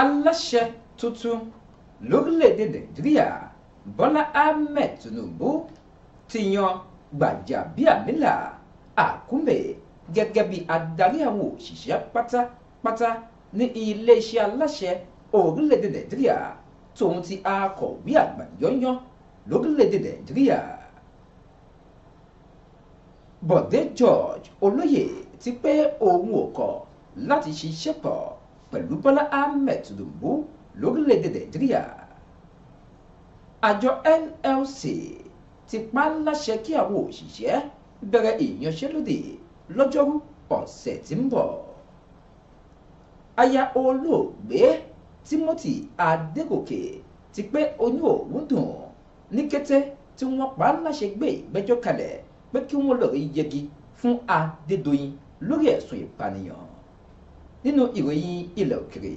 aláṣẹ tuntun lórílẹ̀‐èdè nàìjíríà bọ́lá ahmed tinubu ti yan mila àkúnbẹ̀ gẹ́gẹ́ bí adarí àwọn òṣìṣẹ́ pátápátá ní iléeṣẹ́ aláṣẹ orílẹ̀‐èdè nàìjíríà tòun ti akọ̀wé àgbà yányán lórílẹ̀‐èdè nàìjíríà bọ̀dé george olóyè ti pé òun ò kọ̀ láti ṣiṣẹ́ pọ̀ pẹ̀lú bọ́lá ahmed tinubu lórílẹ̀‐èdè nàìjíríà àjọ nlc ti pa á láṣẹ kí àwọn òṣìṣẹ́ bẹ̀rẹ̀ ìyanṣẹ́lódì lọ́jọ́rú ọ̀sẹ̀ tí ń bọ̀ aya olóògbé timothy adégòkè ti pé oní òun dùn ní kété tí wọ́n pa á láṣẹ gbé ìgbẹ́jọ́ kalẹ̀ pé kí wọ́n lọ́ọ́ yẹgi fún adédọ́yìn lórí ẹ̀sùn ìpànìyàn nínú ìròyìn ilẹ̀ òkèrè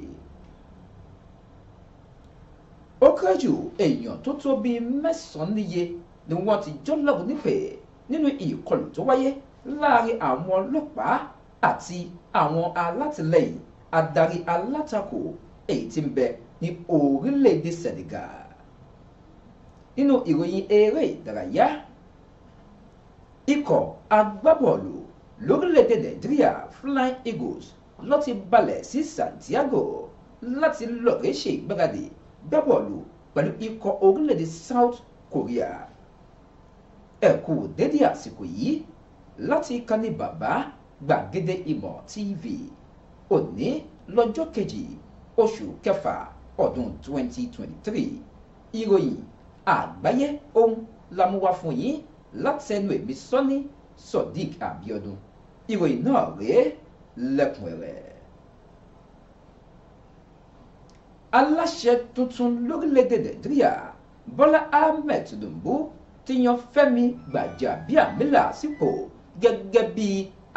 ó kéré jù èèyàn tó tó bíi mẹ́sàn-án níye ni wọ́n ti jọ́lọ́bù nífẹ̀ẹ́ nínú ìkọlù tó wáyé láàrin àwọn ọlọ́pàá àti àwọn alátìlẹyìn adarí alátakò èyí tí ń bẹ ní orílẹ̀-èdè Senegal nínú ìròyìn eré ìdárayá ikọ̀ agbábọ́ọ̀lù lórílẹ̀-èdè Nàìjíríà Flying Eagles ló ti balẹ̀ sí Santiago láti lọ́ọ̀rẹ́ ṣe ìgbáradì gbá bọ́ọ̀lù pẹ̀lú ikọ̀ orílẹ̀-èdè South Korea ẹ kú dédé àsìkò yìí láti ìkànnì bàbá gbàgede ìmọ̀ TV òní lọ́jọ́ kejì oṣù kẹfà ọdún 2023 ìròyìn àgbáyé ohun lamuwa fún yín látẹnu èmi sọ́ni Sodiq Abiodun ìròyìn náà rèé lẹ́kùnrẹ́rẹ́ aláṣẹ tuntun lórílẹ̀‐èdè nàìjíríà bọ́lá ahmed tinubu ti yan fẹ́mi gbàjàbíàmílà sípò gẹ́gẹ́ bí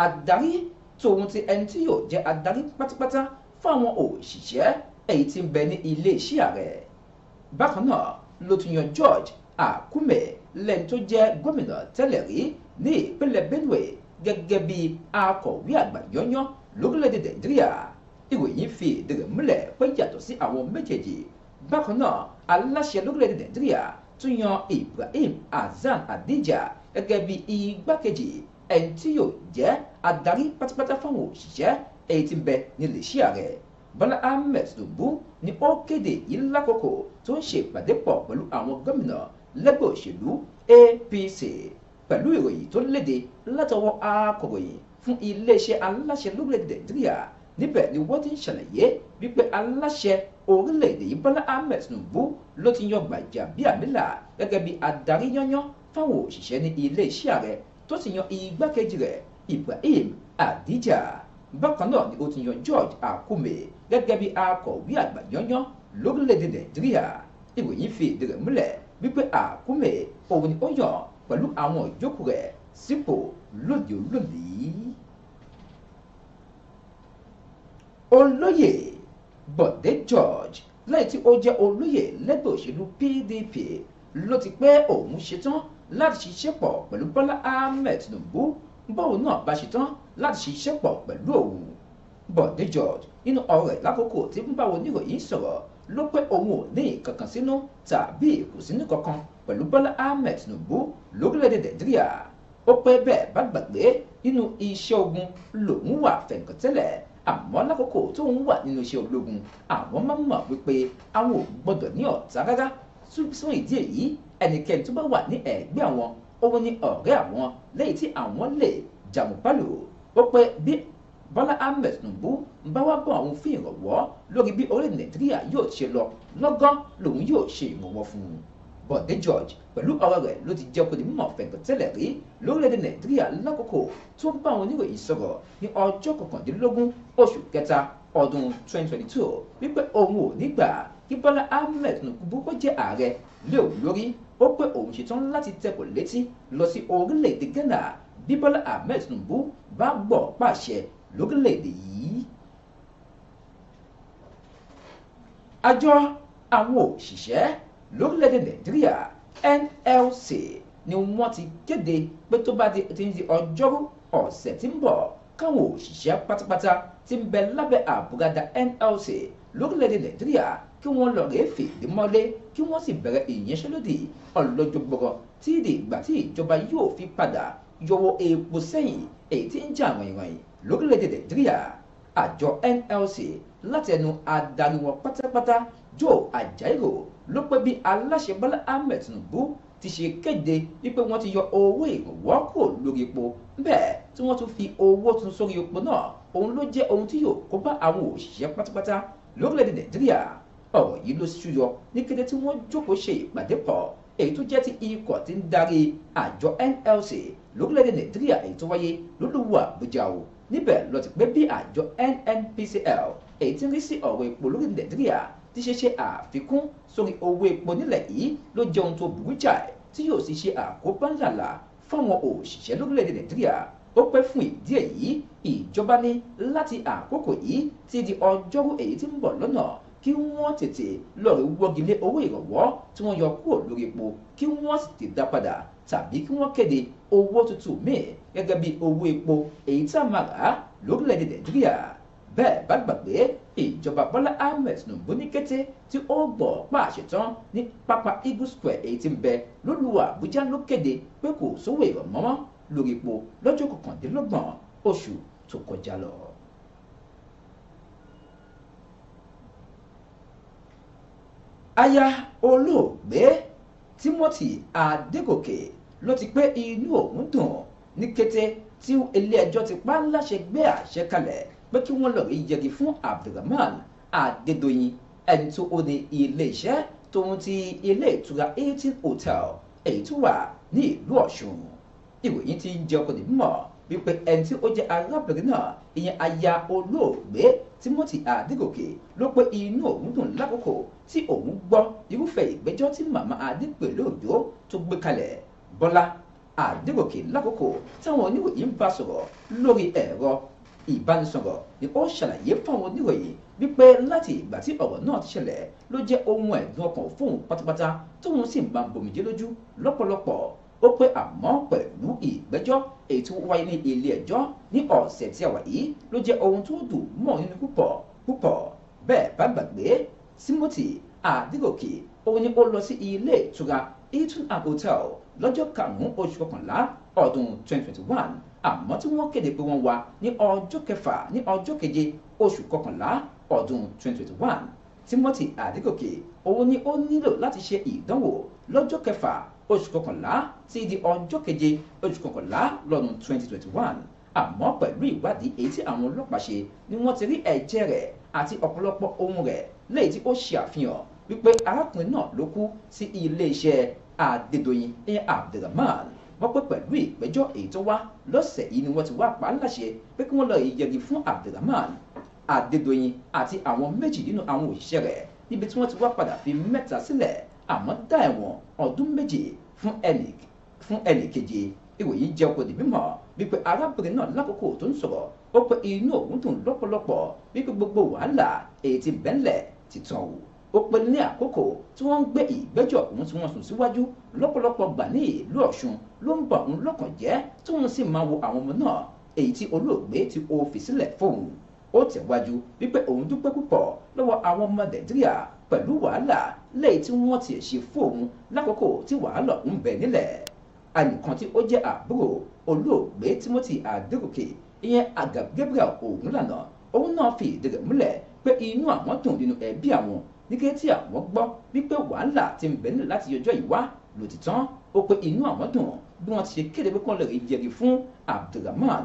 adarí tòun ti ẹni tí yóò jẹ́ adarí pátápátá fáwọn òṣìṣẹ́ èyí tí ń bẹ ní iléeṣẹ́ ààrẹ bákan náà ló tún yan george akume lẹ́ni tó jẹ́ gómìnà tẹ́lẹ̀ rí ní ìpínlẹ̀ benue gẹ́gẹ́ bí akọ̀wé àgbà yányán lórílẹ̀‐èdè nàìjíríà ìròyìn fi ìdí rẹ̀ múlẹ̀ pé yàtọ̀ sí àwọn méjèèjì bákan náà aláṣẹ lórílẹ̀‐èdè nàìjíríà tún yan ibrahim hasan adija gẹ́gẹ́ bí igbákejì ẹni tí yóò jẹ́ adarí pátápátá fáwọn òṣìṣẹ́ èyí tí ń bẹ nílé iṣẹ́ rẹ̀ bọ́lá ahmed tinubu ni ó kéde yìí lákòókò tó ń ṣe ìpàdé pọ̀ pẹ̀lú àwọn gómìnà lẹ́gbẹ̀ẹ́ òṣèlú apc pẹ̀lú ìròyìn tó léde látọwọ́ akọ̀ròyìn fún iléeṣẹ́ aláṣẹ lórílẹ̀‐èdè nàìjíríà níbẹ̀ ni wọ́n ti ń ṣàlàyé wípé aláṣẹ orílẹ̀‐èdè yìí bọ́lá ahmed tinubu ló ti yan gbàjàbíàmílà gẹ́gẹ́ bí adarí yányán fáwọn òṣìṣẹ́ ní iléeṣẹ́ ààrẹ tó ti yan igbákejì rẹ̀ ibrahim adija bákan náà ni ó ti yan george akume gẹ́gẹ́ bí akọ̀wé àgbà yányán lórílẹ̀‐èdè nàìjíríà ìròyìn fi ìdí rẹ̀ múlẹ̀ wípé akume òun ni ó yàn pẹ̀lú àwọn ìjókòó rẹ̀ sípò lóde olónìí. olóyè Bọ̀dé George lẹ́yìn tí ó jẹ́ olóyè lẹ́gbẹ̀ẹ́ òṣèlú PDP ló ti pé òun ṣetán láti ṣiṣẹ́ pọ̀ pẹ̀lú Bọ́lá Ahmed Tinubu bóun náà bá ṣetán láti ṣiṣẹ́ pọ̀ pẹ̀lú òun Bọ̀dé George nínú ọ̀rọ̀ ẹ̀ lákòókò tí ń bá oníròyìn sọ̀rọ̀ ló pé òun ò ní ìkankan sínú tàbí ìkùnsínú kankan pẹ̀lú Bọ́lá Ahmed Tinubu lórílẹ̀‐èdè nàìjíríà ó pẹ́ bẹ́ẹ̀ bá gbàgbé nínú iṣẹ́ ogun lòun wà fẹ̀ǹkọ̀tẹ́lẹ̀ àmọ́ lákòókò tó wà nínú iṣẹ́ ológun àwọn máa ń mọ̀ wípé àwọn ò gbọ́dọ̀ ní ọ̀tá rárá fún ìdí èyí ẹnikẹ́ni tó bá wà ní ẹ̀gbẹ́ àwọn òun ni ọ̀rẹ́ àwọn lẹ́yìn tí àwọn lè jàmùpálò ó pé bí Bọ́lá Ahmed Tinubu bá wá bọ̀ àwọn fún ìrànwọ́ lórí bí orílẹ̀ Nàìjíríà yóò ṣe lọ lọ́gán lòun yóò ṣe ìrànwọ́ fún un. Bọ̀dé George pẹ̀lú ọ̀rọ̀ rẹ̀ ló ti jẹ́ kó di mímọ̀ fẹ̀ǹkan tẹ́lẹ̀ rí lórílẹ̀‐èdè Nàìjíríà lákòókò tó ń bá àwọn oníròyìn sọ̀rọ̀ ní ọjọ́ kọkàndínlógún oṣù kẹta ọdún 2022 wípé òun ò ní gbà kí Bọ́lá Ahmed Tinubu kó jẹ́ ààrẹ lé òun lórí ó pé òun ṣetán láti tẹkọ̀ létí lọ sí orílẹ̀‐èdè Ghana bí Bọ́lá Ahmed Tinubu bá gbọ́ pàṣẹ lórílẹ̀‐èdè yìí. àjọ àwọn òṣìṣẹ́ lórílẹ̀ nàìjíríà NLC ni wọ́n ti kéde pé tó bá ti ń di ọjọ́rú ọ̀sẹ̀ tí ń bọ̀ káwọn òṣìṣẹ́ pátápátá ti ń bẹ lábẹ́ àbúradà NLC lórílẹ̀‐èdè nàìjíríà kí wọ́n lọ rèé fìdí mọ́lé kí wọ́n sì bẹ̀rẹ̀ ìyanṣẹ́lódì ọlọ́jọ́gbọ̀rọ̀ tí di ìgbà tí ìjọba yóò fi padà yọwọ́ epo sẹ́yìn èyí tí ń jà rìnrìn lórílẹ̀‐èdè nàìjíríà àjọ NLC láti ẹnu adarí wọn pátápátá Joe Ajaero ló pé bí aláṣẹ Bọ́lá Ahmed Tinubu ti ṣe kéde wípé wọ́n ti yọ owó ìrànwọ́ kò lórí epo bẹ́ẹ̀ tí wọ́n tún fi owó tuntun sórí epo náà òun ló jẹ́ ohun tí yóò kó bá àwọn òṣìṣẹ́ pátápátá lórílẹ̀‐èdè Nàìjíríà ọ̀rọ̀ yìí ló ṣúyọ ní kété tí wọ́n jókòó ṣe ìpàdé pọ̀ èyí tó jẹ́ ti ikọ̀ tí ń darí àjọ NLC lórílẹ̀‐èdè Nàìjíríà èyí tó wáyé lólùwà Àbújá o níbẹ̀ ló pé bí àjọ NNPCL èyí tí ń rí sí ọ̀rọ̀ epo lórílẹ̀ Nàìjíríà tí ṣe ṣe àfikún sórí owó epo nílẹ̀ yìí ló jẹ́ ohun tó burú jáì tí yóò sì ṣe àkóbá ńlá fáwọn òṣìṣẹ́ lórílẹ̀‐èdè nàìjíríà ó pẹ́ fún ìdí èyí ìjọba ní láti àkókò yìí ti di ọjọ́rú èyí tí ń bọ̀ lọ́nà kí wọ́n tètè lọ́ọ̀rì wọ́gilé owó ìrànwọ́ tí wọ́n yọ kúrò lórí epo kí wọ́n sì ti dá padà tàbí kí wọ́n kéde owó tuntun míì gẹ́gẹ́ bí owó epo èyí tá a máa rà lórílẹ̀‐èdè nàìjíríà bẹ́ẹ̀ bá gbàgbé ìjọba bọ́lá ahmed tinubu ní kété tí ó gbọ́ pàṣẹ tán ní pápá eagle square èyí tí ń bẹ lólùwà àbújá ló kéde pé kò sówó ìrọ̀mọ́mọ́ lórí epo lọ́jọ́ kọkàndínlọ́gbọ̀n oṣù tó kọjá lọ. aya olóògbé timothy adégòkè ló ti pé inú òun dùn ní kété tí ilé ẹjọ́ ti pa ńlá ṣe gbé àṣẹ kalẹ̀ pé wọ́n lọ́ọ́ rí fún Abdulrahman Adédoyin ẹni tó ó ní iléeṣẹ́ tòun ti ilé ìtura eighteen hotel èyí tó wà ní ìlú Ọ̀ṣun ìròyìn ti ń jẹ ọkọ̀ ní mímọ́ wípé ẹni tí ó jẹ́ arábìnrin náà ìyẹn aya olóògbé Timothy Adégòkè ló pé inú òun dùn lákòókò tí òun gbọ́ irúfẹ́ ìgbẹ́jọ́ tí màmá Adépèlé tó gbé kalẹ̀ Bọ́lá Adégòkè lákòókò táwọn oníròyìn bá sọ̀rọ̀ lórí ẹ̀rọ ìbánisọ̀rọ̀ ni ó ṣàlàyé fáwọn oníròyìn wípé láti ìgbà tí ọ̀rọ̀ náà ti ṣẹlẹ̀ ló jẹ́ ohun ẹ̀dùn ọkàn fóun pátápátá tóun sì máa ń bòmìjẹ́ lójú lọ́pọ̀lọpọ̀ ó pé àmọ́ pẹ̀lú ìgbẹ́jọ́ èyí tó wáyé ní ilé ẹjọ́ ní ọ̀sẹ̀ tí a wà yìí ló jẹ́ ohun tó dùn mọ́ nínú púpọ̀ púpọ̀ bẹ́ẹ̀ bá gbàgbé Timothy Adégòkè òun ni ó lọ sí ilé ìtura Hilton hotel lọ́jọ́ karùn-ún oṣù kọkànlá ọdún 2021 àmọ́ tí wọ́n kéde pé wọ́n wà ní ọjọ́ kẹfà ní ọjọ́ keje oṣù kọkànlá ọdún 2021 Timothy Adégòkè òun ni ó nílò láti ṣe ìdánwò lọ́jọ́ kẹfà oṣù kọkànlá tí di ọjọ́ keje oṣù kọkànlá lọ́dún 2021 àmọ́ pẹ̀lú ìwádìí èyí tí àwọn ọlọ́pàá ṣe ni wọ́n ti rí ẹ̀jẹ̀ rẹ̀ àti ọ̀pọ̀lọpọ̀ ohun rẹ̀ léyìí tí ó ṣe àfihàn wípé arákùnrin náà ló kú sí iléeṣẹ́ Adédoyin ní Abdulrahman wọ́n pé pẹ̀lú ìpẹ́jọ́ èyí tó wá lọ́sẹ̀ yìí ni wọ́n ti wá pa á láṣẹ pé kí wọ́n lọ yẹgi fún Abdulrahman Adédoyin àti àwọn méjì nínú àwọn òṣìṣẹ́ rẹ̀ níbi tí wọ́n ti wá padà fi mẹ́ta sílẹ̀ àmọ́ dá ẹ̀wọ̀n ọdún méje fún ẹnì fún ẹnì keje ìròyìn jẹ́ kó di mímọ̀ wípé arábìnrin náà lákòókò tó ń sọ̀rọ̀ ó pe inú òun dùn lọ́pọ̀lọpọ̀ wípé gbogbo wàhálà èyí tí bẹ́ńlẹ̀ ti tàn wò ó pẹ́ ní àkókò tí wọ́n ń gbé ìgbẹ́jọ́ ọ̀hún tí wọ́n sùn síwájú lọ́pọ̀lọpọ̀ gbà ní ìlú ọ̀ṣun ló ń bà òun lọ́kàn jẹ́ tí wọ́n sì máa wo àwọn ọmọ náà èyí tí olóògbé ti o fi sílẹ̀ fóun ó tẹ̀wájú wípé òun dúpẹ́ púpọ̀ lọ́wọ́ àwọn ọmọ nàìjíríà pẹ̀lú wàhálà lẹ́yìn tí wọ́n ti ṣe fóun lákòókò tí wàhálà ń bẹ nílẹ̀ àyìnkan tí ó jẹ́ àbúrò olóògbé timothy adégòkè ìyẹn àgàbẹ́bẹ́rẹ́ òun lànà òun náà fi ìdí múlẹ̀ pé inú àwọn dùn nínú ẹbí àwọn ní kété tí àwọn gbọ́ wípé wàhálà ti ń bẹ̀rẹ̀ láti ọjọ́ ìwá ló tán ó pé inú àwọn dùn bí wọ́n ti ṣe kéde pé kán lè yẹgi fún Abdulrahman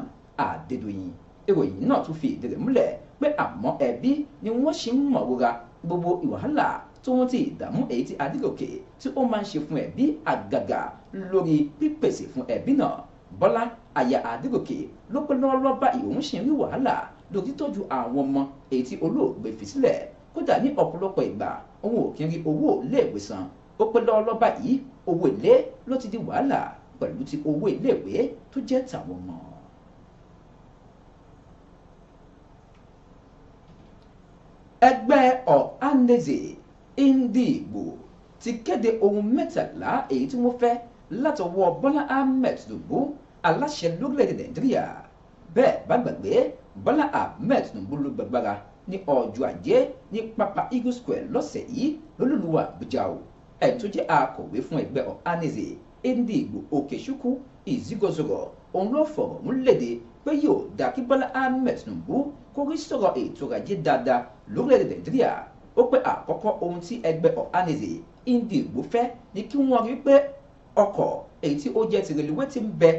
Adédoyin ìròyìn náà tún fi ìdí múlẹ̀ pé àmọ́ ẹbí ni wọ́n ṣì ń mọ̀rora gbogbo ìwàhálà tó wọ́n ti ìdààmú èyí tí Adégòkè tí ó máa ń ṣe fún ẹbí àgàgà lórí pípèsè fún ẹbí náà Bọ́lá aya Adégòkè ló pé lọ́wọ́lọ́wọ́ bá ìhòòhùn ṣe ń rí wàhálà lórí títọ́jú àwọn ọmọ èyí tí olóògbé fi sílẹ̀ kódà ní ọ̀pọ̀lọpọ̀ ìgbà òun ò kí ń rí owó iléèwé san ó pé lọ́ọ́lọ́ báyìí owó ilé ló ti di wàhálà pẹ̀lú ti owó iléèwé tó jẹ́ tàwọn ọmọ. ẹgbẹ́ ọ̀hánẹ́sì Ìndìgbò ti kéde ohun mẹ́tàlá èyí tí wọ́n fẹ́ látọwọ́ Bọ́lá Ahmed Tinubu aláṣẹ lórílẹ̀‐èdè Nàìjíríà bẹ́ẹ̀ bá gbàgbé Bọ́lá Ahmed Tinubu ló gbàgbára ní ọjọ́ ajé ní pápá eagle square lọ́sẹ̀ yìí lólùlùwà àbújá o ẹ̀ tó jẹ́ akọ̀wé fún ẹgbẹ́ ọ̀hánìzè Ndigbo Okechukwu Izigozoro òun ló fọ̀rọ̀ múlẹ̀dẹ̀ pé yóò dá kí Bọ́lá Ahmed Tinubu kó rí sọ̀rọ̀ ètò ọrọ̀-ajé dáadáa lórílẹ̀‐èdè Nàìjíríà ó pé àkọ́kọ́ ohun tí ẹgbẹ́ ọ̀hánìzè Ndigbo fẹ́ ni kí wọ́n rí pé ọkọ̀ èyí tí ó jẹ́ ti reluwé ti ń bẹ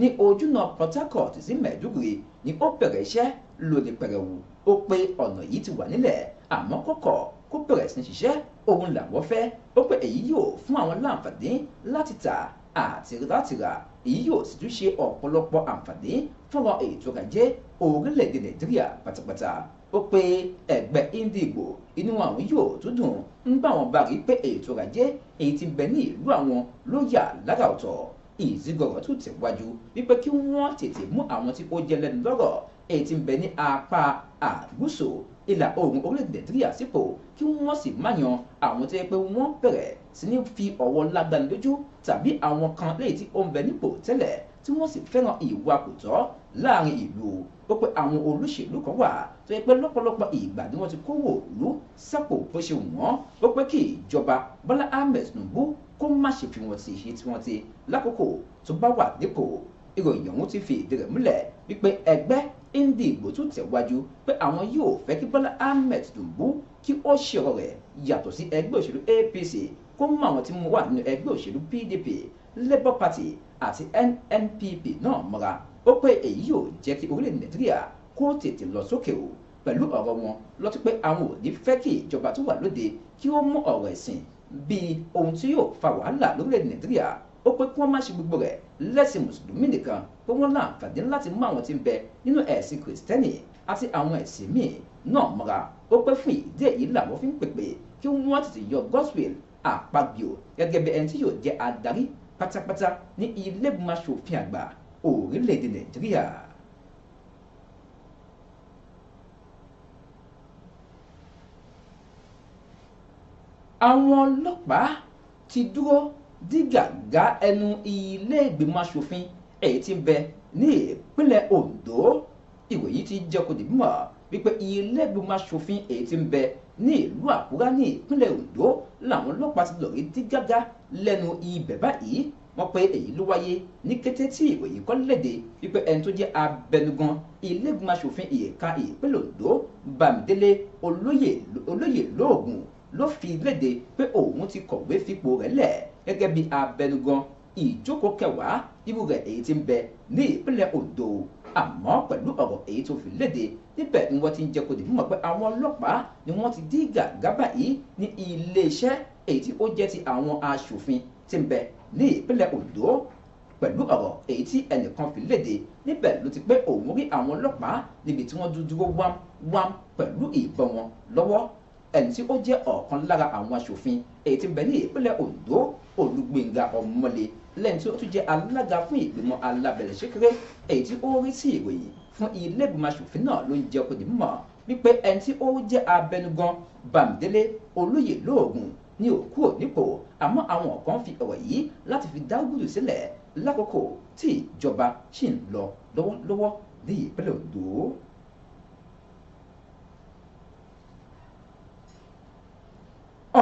ní ojúnà Port Harcourt sí Maiduguri ni ó bẹ̀rẹ̀ iṣẹ́ lónìí pẹ̀rẹ̀wù ó pé ọ̀nà yìí ti wà nílẹ̀ àmọ́ kọ́kọ́ kó bẹ̀rẹ̀ sí ní ṣiṣẹ́ òun làwọn fẹ́ ó pé èyí yóò fún àwọn láǹfààní láti tà àti láti rà èyí yóò sì tún ṣe ọ̀pọ̀lọpọ̀ àǹfààní fúnra ètò ọrọ̀ ajé orílẹ̀-èdè nàìjíríà pátápátá ó pé ẹgbẹ́ indigo inú àwọn yóò tún dùn nígbà wọn bá rí pé ètò ọrọ̀ ajé èyí tí ń bẹ ní ìlú àwọn ló yà lára ọ̀tọ̀ ìzígọ̀rọ̀ tún tẹ̀wájú wípé kí wọ́n tètè mú àwọn tí ó jẹ lẹ́nu lọ́rọ̀ èyí tí ń bẹ ní apá àgúsù ìlà oòrùn orílẹ̀-èdè nàìjíríà sípò kí wọ́n sì má yan àwọn tó yẹ pé wọ́n bẹ̀rẹ̀ sí ní fi ọ̀wọ́ lágbani lójú tàbí àwọn kan léyìí tí ó ń bẹ nípò tẹ́lẹ̀ tí wọ́n sì fẹ́ràn ìwà kò tọ́ láàrin ìlú ó pé àwọn olóṣèlú kan wà tó yẹ pé lọ́pọ̀lọpọ̀ ìgbà ni wọ́n ti kó wò sápò bó ṣe wọ́n ó pé kí ìjọba Bọ́lá Ahmed Tinubu kó má ṣe fi wọn ti ṣe tí wọ́n ti lákòókò tó bá wà nípò ìròyìn ọ̀hún ti fi ìdí rẹ̀ múlẹ̀ wípé ẹgbẹ́ Ndigbo tún tẹ̀wájú pé àwọn yóò fẹ́ kí Bọ́lá Ahmed Tinubu kí ó ṣe ọ̀rọ̀ rẹ̀ yàtọ̀ sí ẹgbẹ́ òṣèlú APC kó mú àwọn tí mo wà nínú ẹgbẹ́ òṣèlú PDP Labour Party àti NNPP náà mọ́ra ó pé èyí yóò jẹ́ kí orílẹ̀ Nàìjíríà kó tètè lọ sókè o pẹ̀lú ọ̀rọ̀ wọn lọ́tí pé àwọn ò ní fẹ́ kí ìjọba tó wà lóde kí ó mú ọ̀rọ̀ ẹ̀sìn bíi ohun tí yóò fa wàhálà lórílẹ̀ Nàìjíríà ó pé kí wọ́n má ṣe gbogbo rẹ̀ lẹ́sìn mùsùlùmí nìkan pé wọ́n láǹfààní láti mú àwọn tí ń bẹ nínú ẹ̀sìn kìrìsìtẹ́nì àti àwọn ẹ̀sìn míì náà mọ́ra ó pé fún ìdí èyí làwọn fi ń pèpè kí wọ́n tètè yọ gospel àpagbio gẹ́gẹ́ bí ẹni tí yóò jẹ́ adarí pátápátá ní ilégbèmọ̀ aṣòfin àgbà orílẹ̀-èdè nàìjíríà. àwọn ọlọ́pàá ti dúró dígàgá ẹnu ilé ìgbìmọ̀ asòfin èyí tí ń bẹ ní ìpínlẹ̀ Ondo ìwé yìí ti jẹ́ kó di mímọ̀ wípé ilé ìgbìmọ̀ asòfin èyí tí ń bẹ ní ìlú Àkúrẹ́ ní ìpínlẹ̀ Ondo làwọn ọlọ́pàá ti lọ rí dígàgá lẹ́nu ibẹ̀ báyìí wọ́n pé èyí ló wáyé ní kété tí ìwé yìí kọ́ léde wípé ẹni tó jẹ́ abẹnugan ilé ìgbìmọ̀ asòfin ìyẹ̀ka ìpínlẹ̀ Ondo Bámidélé olóyè lóògùn ló fi léde pé òun ti kọ̀wé fipò rẹ̀ lẹ̀ gẹ́gẹ́ bí abẹnugan ìjókòó kẹwàá ibú rẹ̀ èyí tí ń bẹ ní ìpínlẹ̀ Ondo àmọ́ pẹ̀lú ọ̀rọ̀ èyí tó fi léde níbẹ̀ ni wọ́n ti ń jẹ́ kó di mímọ̀ pé àwọn ọlọ́pàá ni wọ́n ti dí gàgá báyìí ní iléeṣẹ́ èyí tí ó jẹ́ ti àwọn aṣòfin tí ń bẹ ní ìpínlẹ̀ Ondo pẹ̀lú ọ̀rọ̀ èyí tí ẹnìkan fi léde níbẹ̀ ló ti pé òun rí àwọn ọlọ́pàá níbi tí wọ́n dúdúró wám wám pẹ̀lú ìbọn wọn lọ́wọ́ ẹni tí ó jẹ́ ọ̀kan lára àwọn aṣòfin èyí tí bẹ ní ìpínlẹ̀ Ondo olùgbéńga ọmọlé lẹ́yìn tí ó tún jẹ́ alága fún ìgbìmọ̀ alábẹ̀rẹ̀ ṣékéré èyí tí ó rí sí ìròyìn fún ilé ìgbìmọ̀ aṣòfin náà ló ń jẹ́ kó di mọ̀ wípé ẹni tí ó jẹ́ abẹnugan bàmídélé olóyè lóògùn ni ò kúrò nípò àmọ́ àwọn kan fi ọ̀rọ̀ yìí láti fi dá gùdù sílẹ̀ lákòókò tí ìjọba ṣì ń lọ lọ́wọ́lọ́wọ́ ní ìpínlẹ̀ Ondo.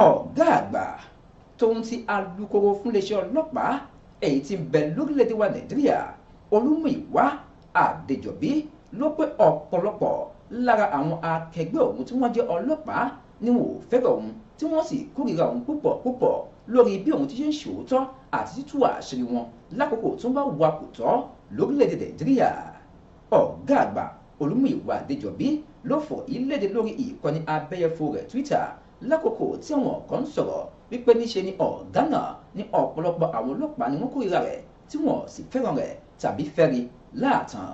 ọ̀gá àgbà tóun ti alukoro fúnléeṣẹ́ ọlọ́pàá èyí tí ń bẹ lórílẹ̀‐èdè wa nàìjíríà olúmúìwá àdèjọ́bí ló pé ọ̀pọ̀lọpọ̀ lára àwọn akẹgbẹ́ òun tí wọ́n jẹ́ ọlọ́pàá ni wọn ò fẹ́ràn òun tí wọ́n sì kórìíra òun púpọ̀ púpọ̀ lórí bí òun ti ṣe ń ṣòótọ́ àti títú àṣírí wọn lákòókò tó bá wà kò tọ́ lórílẹ̀‐èdè nàìjíríà ọ̀gá àgbà olúmúìwá àdèjọ́bí ló fọ ìlédè lórí ìkànnì abẹ́yẹfò rẹ̀ Twitter lákòókò tí àwọn kan ń sọ̀rọ̀ wípé níṣe ni ọ̀gá náà ní ọ̀pọ̀lọpọ̀ àwọn ọlọ́pàá ni wọ́n kórìíra rẹ̀ tí wọ́n sì fẹ́ràn rẹ̀ tàbí fẹ́ri láàtàn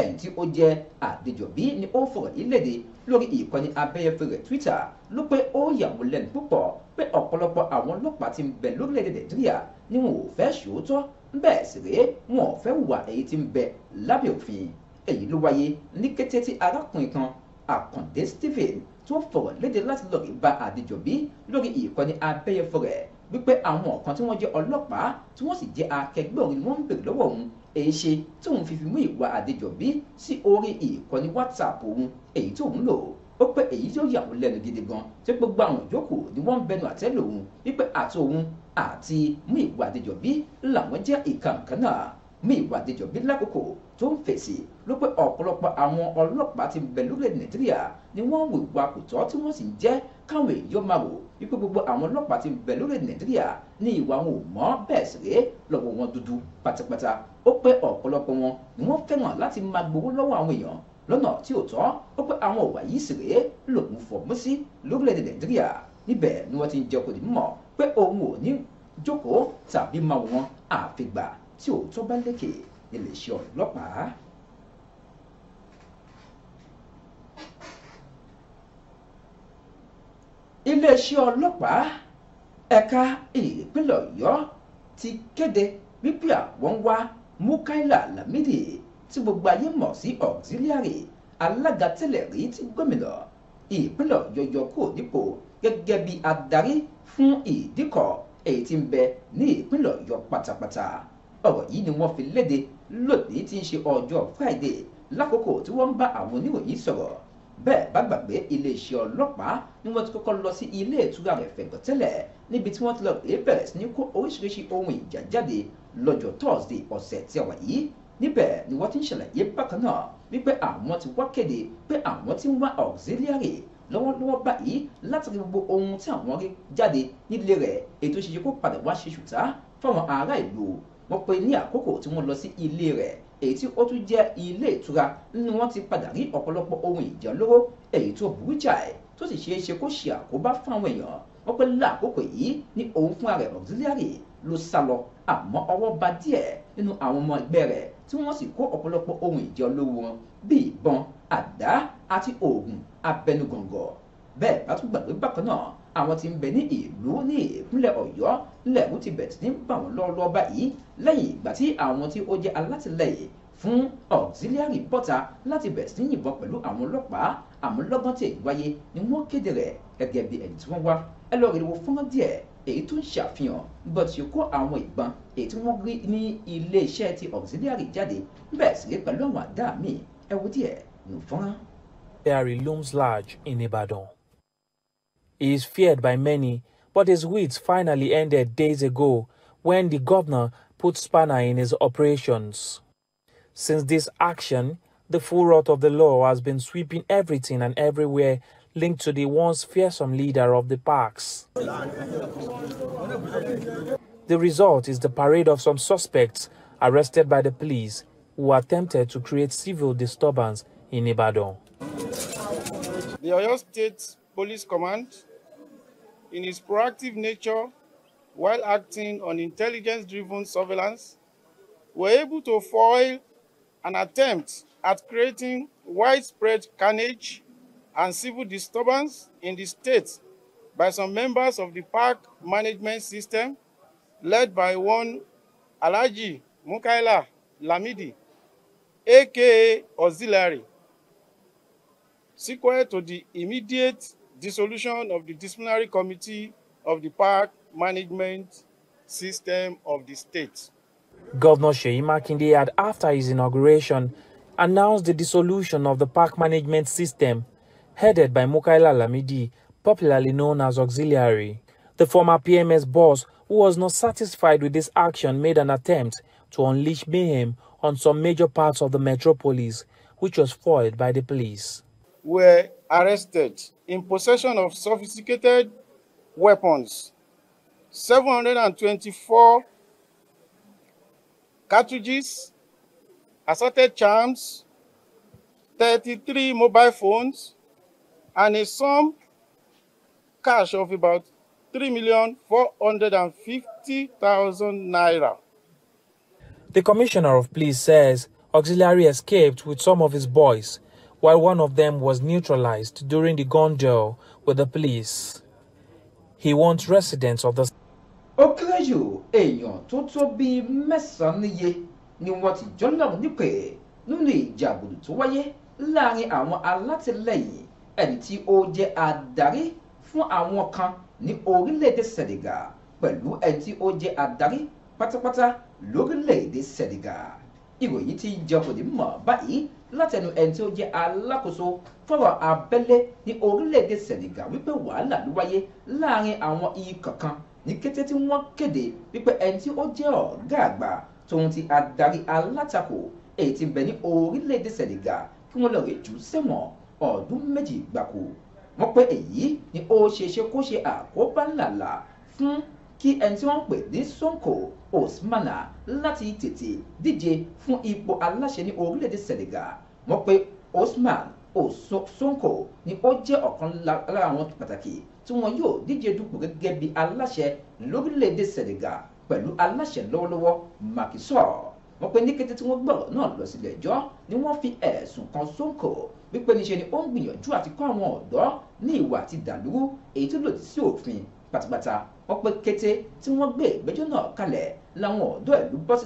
ẹni tí ó jẹ́ àdéjọ́bí ni ó fọ̀rọ̀ yìí léde lórí ìkànnì abẹ́yẹfẹ́ rẹ̀ Twitter ló pé ó yàwó lẹ́nu púpọ̀ pé ọ̀pọ̀lọpọ̀ àwọn ọlọ́pàá ti ń bẹ lórílẹ̀‐èdè Nàìjíríà ni wọn ò fẹ́ ṣòótọ́ bẹ́ẹ̀ sì rèé wọn ò fẹ́ hùwà èyí tí ń bẹ lábẹ́ òfin èyí ló wáyé ní kété tí arákùnrin kan Àkàndé Stephen tí wọ́n fọ̀rọ̀ léde láti lọ́ọ́ ba àdéjọ́bí lórí ìkọ́ni abẹ́yẹfọ́ rẹ̀ wípé àwọn kan tí wọ́n jẹ́ ọlọ́pàá tí wọ́n sì jẹ́ akẹgbẹ́ òun ni ń bèrè lọ́wọ́ òun èyí ṣe tí òun fi fi mú ìwà àdéjọ́bí sí orí ìkọ́ni WhatsApp òun èyí tí òun lò ó pé èyí tí ó yà wọ́n lẹ́nu gidi gan tí gbogbo àwọn ìjókòó ni wọ́n ń bẹnu àtẹ́ lòun wípé àti òun àti mú ìwà àdéjọ́bí làwọn jẹ́ ìkàǹkan náà ní ìwà àdéjọbí lákòókò tó ń fèsì ló pé ọ̀pọ̀lọpọ̀ àwọn ọlọ́pàá ti bẹ̀ lórílẹ̀ nàìjíríà ni wọ́n ń wùwà kùtọ́ tí wọ́n sì ń jẹ́ káwọn èèyàn máa wò wípé gbogbo àwọn ọlọ́pàá ti bẹ̀ lórílẹ̀ nàìjíríà ní ìwà wọn ò mọ́ bẹ́ẹ̀ sì rèé lọ́wọ́ wọn dúdú pátápátá ó pé ọ̀pọ̀lọpọ̀ wọn ni wọ́n fẹ́ràn láti máa gbowó lọ́wọ́ àwọn èèyàn lọ́nà tí ò tọ́ ó pé àwọn ọ̀wà yìí sì rèé lòun fọ̀mọ́ sí lórílẹ̀ nàìjíríà níbẹ̀ ni wọ́n ti ń jẹ́ kó di mọ̀ pé òun ò ní jókòó tàbí máa wọn àfigbà tí òótọ́ bá lékè iléeṣẹ́ ọlọ́pàá. iléeṣẹ́ ọlọ́pàá ẹ̀ka ìpínlẹ̀ ọ̀yọ́ ti kéde wípé àwọn wá mukaila lamidi tí gbogbo ayé mọ̀ sí auxiliary alága tẹ́lẹ̀ rí tí gómìnà ìpínlẹ̀ ọ̀yọ́ yọ kúrò nípò gẹ́gẹ́ bí adarí fún ìdíkọ̀ èyí tí ń bẹ ní ìpínlẹ̀ ọ̀yọ́ pátápátá ọ̀rọ̀ yìí ni wọ́n fi léde lónìí tí ń ṣe ọjọ́ Friday lákòókò tí wọ́n ń bá àwọn oníwòyí sọ̀rọ̀ bẹ́ẹ̀ bá gbàgbé iléeṣẹ́ ọlọ́pàá ni wọ́n ti kọ́kọ́ lọ sí ilé ìtura rẹ̀ fẹ̀gbọ́tẹ́lẹ̀ níbi tí wọ́n ti lọ rèé bẹ̀rẹ̀ sí ní kó oríṣiríṣi ohun ìjà jáde lọ́jọ́ Thursday ọ̀sẹ̀ tí a wà yìí níbẹ̀ ni wọ́n ti ń ṣàlàyé bákan náà wípé àwọn ti wá kéde pé àwọn ti ń wá auxiliary lọ́wọ́lọ́wọ́ báyìí láti rí gbogbo ohun tí àwọn rí jáde nílé rẹ̀ ètò ìṣèjì kó padà wá ṣe ṣùtá fáwọn ará ìlú wọ́n pé ní àkókò tí wọ́n lọ sí ilé rẹ̀ èyí tí ó tún jẹ́ ilé ìtura nínú wọn ti padà rí ọ̀pọ̀lọpọ̀ ohun ìjà olóró èyí tó burú jáì tó sì ṣeé ṣe kó ṣe àkóbá fáwọn èèyàn wọ́n pé láàkókò yìí ní òun fúnra rẹ̀ auxiliary ló sá lọ àmọ́ ọwọ́ bà díẹ̀ nínú àwọn ọmọ ẹgbẹ́ rẹ̀ tí wọ́n sì kó ọ̀pọ̀lọpọ̀ ohun ìjà olóró wọn bíi ìbọn àdá àti oògùn abẹnugọ̀ngọ̀ bẹ́ẹ̀ bá tún gbàgbé bákan náà àwọn tí ń bẹ ní ìlú ní ìpínlẹ̀ ọ̀yọ́ lẹ́ẹ̀mú ti bẹ̀rẹ̀ sí ń bà wọ́n lọ́wọ́ báyìí lẹ́yìn ìgbà tí àwọn tí ó jẹ́ alátìlẹyìn fún auxiliary bọ́ta láti bẹ̀rẹ̀ sí yìnbọn pẹ̀lú àwọn ọlọ́pàá àmọ́ lọ́gán tẹ̀ wáyé ni wọ́n kéde rẹ̀ gẹ́gẹ́ bí ẹni tí wọ́n wá ẹ lọ́ọ́ rí wo fọ́nrán díẹ̀ èyí tó ń ṣàfihàn bó ti kó àwọn ìbọn èyí tí wọ́n rí ní iléeṣẹ́ ti auxiliary jáde bẹ́ẹ̀ sì rí pẹ̀lú àwọn àdá míì ẹ wo díẹ̀ nù fọ́nrán. Auxiliary looms large in Ibadan. He is feared by many, but his wits finally ended days ago when the governor put spanner in his operations. Since this action, the full wrath of the law has been sweeping everything and everywhere linked to the once fearsome leader of the parks. The result is the parade of some suspects arrested by the police who attempted to create civil disturbance in Ibadan. The Oyo State Police Command in its proactive nature while acting on intelligence-driven surveillance, were able to foil an attempt at creating widespread carnage and civil disturbance in the state by some members of the park management system led by one Alaji Mukaila Lamidi, aka Auxiliary. Sequel to the immediate dissolution of the disciplinary committee of the park management system of the state. Governor Shei Makinde had, after his inauguration, announced the dissolution of the park management system, headed by Mukaila Lamidi, popularly known as Auxiliary. The former PMS boss, who was not satisfied with this action, made an attempt to unleash mayhem on some major parts of the metropolis, which was foiled by the police. Were arrested in possession of sophisticated weapons, 724 cartridges, assorted charms, 33 mobile phones, and a sum cash of about 3,450,000 naira. The commissioner of police says auxiliary escaped with some of his boys while one of them was neutralized during the gun duel with the police. He wants residents of the. ó kéré jù èèyàn tó tó bíi mẹ́sàn-án níye ni wọ́n ti jọ́lọ́run nípè nínú ìjà àbùdù tó wáyé láàrin àwọn alátìlẹyìn ẹni tí ó jẹ́ adarí fún àwọn kan ní orílẹ̀-èdè Senegal pẹ̀lú ẹni tí ó jẹ́ adarí pátápátá lórílẹ̀-èdè Senegal ìròyìn ti jẹ́ kò mọ̀ báyìí látẹnu ẹni tí ó jẹ́ alákòóso fọ̀rọ̀ abẹ́lé ní orílẹ̀-èdè Senegal wípé wàhálà ló wáyé láàrin àwọn ikọ̀ kan ní kété tí wọ́n kéde wípé ẹni tí ó jẹ́ ọ̀gá àgbà tòun ti adarí alátakò èyí tí ń bẹ ní orílẹ̀-èdè Senegal kí wọ́n lọ rè jù sẹ́wọ̀n ọdún méjì gbáko wọ́n pé èyí ni ó ṣe ṣe kó ṣe àkóbá ńláńlá fún kí ẹni tí wọ́n pè ní Sonko Osmana láti tètè díje fún ipò aláṣẹ ní orílẹ̀-èdè Senegal wọ́n pe Osman Osonko ni ó jẹ́ ọ̀kan lára àwọn pàtàkì tí wọn yóò díje dupò gẹ́gẹ́ bí aláṣẹ lórílẹ̀‐èdè Senegal pẹ̀lú aláṣẹ lọ́wọ́lọ́wọ́ Macky Sall wọ́n pe ní kété tí wọ́n gbọ́rọ̀ náà lọ sílé ẹjọ́ ni wọ́n fi ẹ̀sùn kan Sonko wípé níṣe ni ó ń gbìyànjú àti kọ́ àwọn ọ̀dọ́ ní ìwà àti ìdàlúrú èyí tó lòdì sí òfin pátápátá wọ́n pe kété tí wọ́n gbé ìgbẹ́jọ́ náà kalẹ̀ làwọn ọ̀dọ́ ìlú bọ́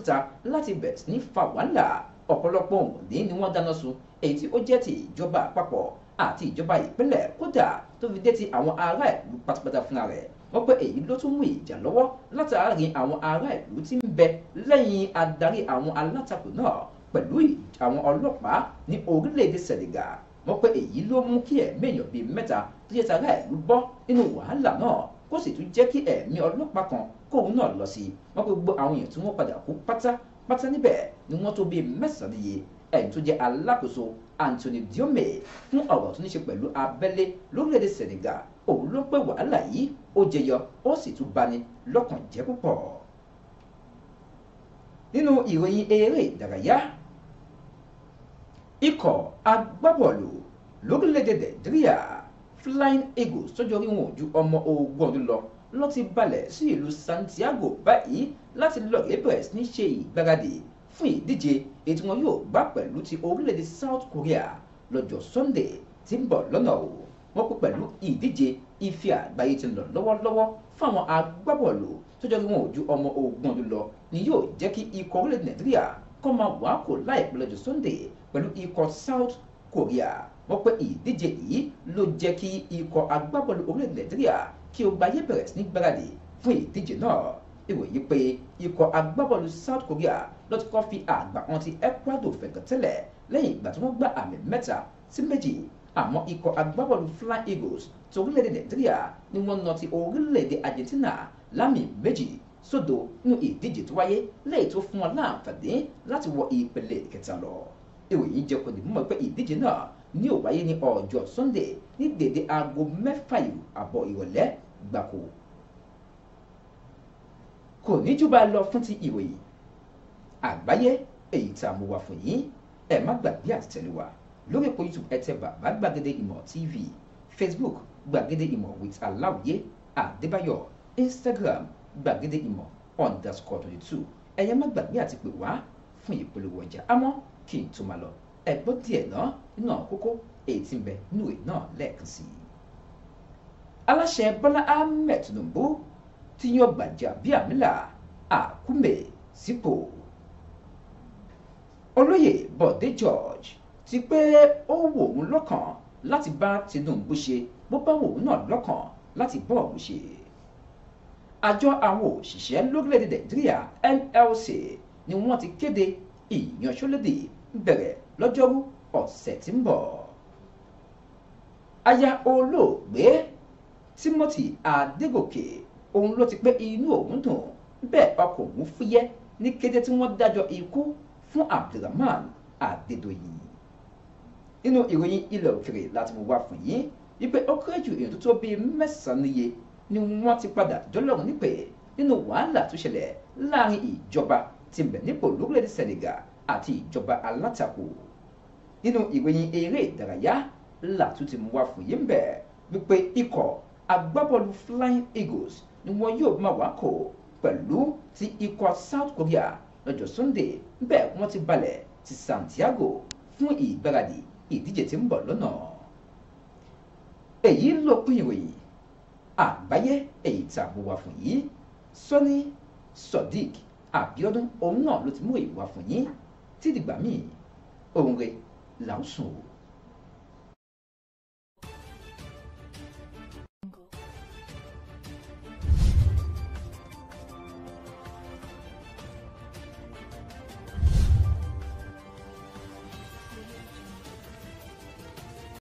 láti bẹ̀rẹ̀ sí ní fa wàhálà ọ̀pọ̀lọpọ̀ òǹdí ni wọ́n dáná sun èyí tí ó jẹ́ ti ìjọba àpapọ̀ àti ìjọba ìpínlẹ̀ kódà tó fi dé ti àwọn ará ìlú pátápátá fúnra rẹ̀ wọ́n pé èyí ló tún mú ìjà lọ́wọ́ látàrí àwọn ará ìlú tí ń bẹ lẹ́yìn adarí àwọn alátakò náà pẹ̀lú àwọn ọlọ́pàá ní orílẹ̀-èdè Senegal wọ́n pé èyí ló mú kí ẹ̀mí èèyàn bíi mẹ́ta tó yẹ tara ìlú bọ́ nínú wàhálà náà kó sì tún jẹ́ kí ẹ̀mí ọlọ́pàá kan kóun náà lọ sí i wọ́n pé gbogbo àwọn èèyàn tí wọ́n padà kú pátá pátá níbẹ̀ ni wọ́n tó bíi mẹ́sàn-án níye ẹni tó jẹ́ alákòóso Anthony Diome fún ọ̀rọ̀ tó ní ṣe pẹ̀lú abẹ́lé lórílẹ̀‐èdè Senegal òun ló pé wàhálà yìí ó jẹyọ ó sì tún bani lọ́kàn jẹ́ púpọ̀ nínú ìròyìn eré ìdárayá ikọ̀ agbábọ́ọ̀lù lórílẹ̀‐èdè Nàìjíríà Flying Eagles tó jọ rí wọn ò ju ọmọ ogún ọdún lọ ló ti balẹ̀ sí ìlú Santiago báyìí láti lọ ìbẹ̀rẹ̀ sí ní ṣe ìgbáradì fún ìdíje ètò wọn yóò bá pẹ̀lú ti orílẹ̀-èdè South Korea lọ́jọ́ Sunday tí ń bọ̀ lọ́nà o wọ́n kú pẹ̀lú ìdíje ife àgbáyé tí ń lọ lọ́wọ́lọ́wọ́ fáwọn agbábọ́ọ̀lù tó jẹ́ kí wọn ò ju ọmọ ogún ọdún lọ ni yóò jẹ́ kí ikọ̀ orílẹ̀-èdè Nàìjíríà kọ́ máa wàá kò láìpẹ́ lọ́jọ́ Sunday pẹ̀lú ikọ̀ South Korea wọ́n pé ìdíje yìí ló jẹ́ kí ikọ̀ agbábọ́ọ̀lù orílẹ̀-èdè Nàìjíríà kí o gbáyé bẹ̀rẹ̀ sí ní gbáradì fún ìdíje náà ìròyìn pé ikọ̀ agbábọ́ọ̀lù South Korea ló ti kọ́ fi àgbà wọn ti Ecuador fẹ̀gàntẹ́lẹ̀ lẹ́yìn ìgbà tí wọ́n gbá àmì mẹ́ta sí méjì àmọ́ ikọ̀ agbábọ́ọ̀lù Fly Eagles torílẹ̀-èdè Nàìjíríà ni wọ́n nà ti orílẹ̀-èdè Argentina lámì méjì sódò nínú ìdíje tó wáyé lẹ́yìn tó fún wọn láǹfààní láti wọ ìpele ìkẹta lọ ìròyìn jẹ́ kó di mímọ̀ pé ìdíje náà ní ó wáyé ní ọjọ́ Sunday ní dédé aago mẹ́fà àbọ̀ ìrọ̀lẹ́ gbàkó kò ní jù bá lọ fún ti ìròyìn àgbáyé èyí tá a mú wá fún yín ẹ má gbàgbé àti tẹ̀lé wa lórí epo YouTube ẹ tẹ bàbá gbàgede ìmọ̀ TV Facebook gbàgede ìmọ̀ with aláwìyé àdébáyọ̀ Instagram gbàgede ìmọ̀ underscore twenty two ẹ̀yẹ́ má gbàgbé àti pè wá fún ìpolówó ọjà àmọ́ kí n tó máa lọ ẹ gbọ́ díẹ̀ náà nínú àwọn kókó èyí tí ń bẹ nínú ìwé náà lẹ́ẹ̀kan sí i. aláṣẹ bọ́lá ahmed tinubu ti yan gbàjàbíàmílà àkúmè sípò olóyè bọ̀dé george ti pé ó wò ó lọ́kàn láti bá tinubu ṣe bó bá wò ó náà lọ́kàn láti bọ́ òun ṣe àjọ àwọn òṣìṣẹ́ lórílẹ̀‐èdè nàìjíríà nlc ni wọ́n ti kéde ìyanṣẹ́lódì bẹ̀rẹ̀ lọ́jọ́rú ọ̀sẹ̀ tí ń bọ̀. aya olóògbé Timothy Adégòkè òun ló ti pé inú òun dùn bẹ́ẹ̀ ọkọ̀ òun fúyẹ́ ní kété tí wọ́n dájọ́ ikú fún Abdulrahman Adédoyin nínú ìròyìn ilẹ̀ òkèrè láti mú wá fún yín wípé ó kéré jù èèyàn tó tó bíi mẹ́sàn-án níye ni wọ́n ti padà dọ́lọ́run nípè nínú wàhálà tó ṣẹlẹ̀ láàrin ìjọba tí nípò lórílẹ̀‐èdè àti ìjọba alátakò nínú ìròyìn eré ìdárayá làtún ti mú wá fún yín bẹ̀ wípé ikọ̀ agbábọ́ọ̀lù Flying Eagles ni wọn yóò máa wá kó pẹ̀lú ti ikọ̀ South Korea lọ́jọ́ Sunday bẹ́ẹ̀ wọ́n ti balẹ̀ ti Santiago fún ìgbáradì ìdíje tí ń bọ̀ lọ́nà èyí ló pín ìròyìn àgbáyé èyí tá a mú wá fún yìí sọ́ni Sodiq Abiodun òun náà ló ti mú èyí wá fún yín títí gbà míì òun rèé. 老鼠。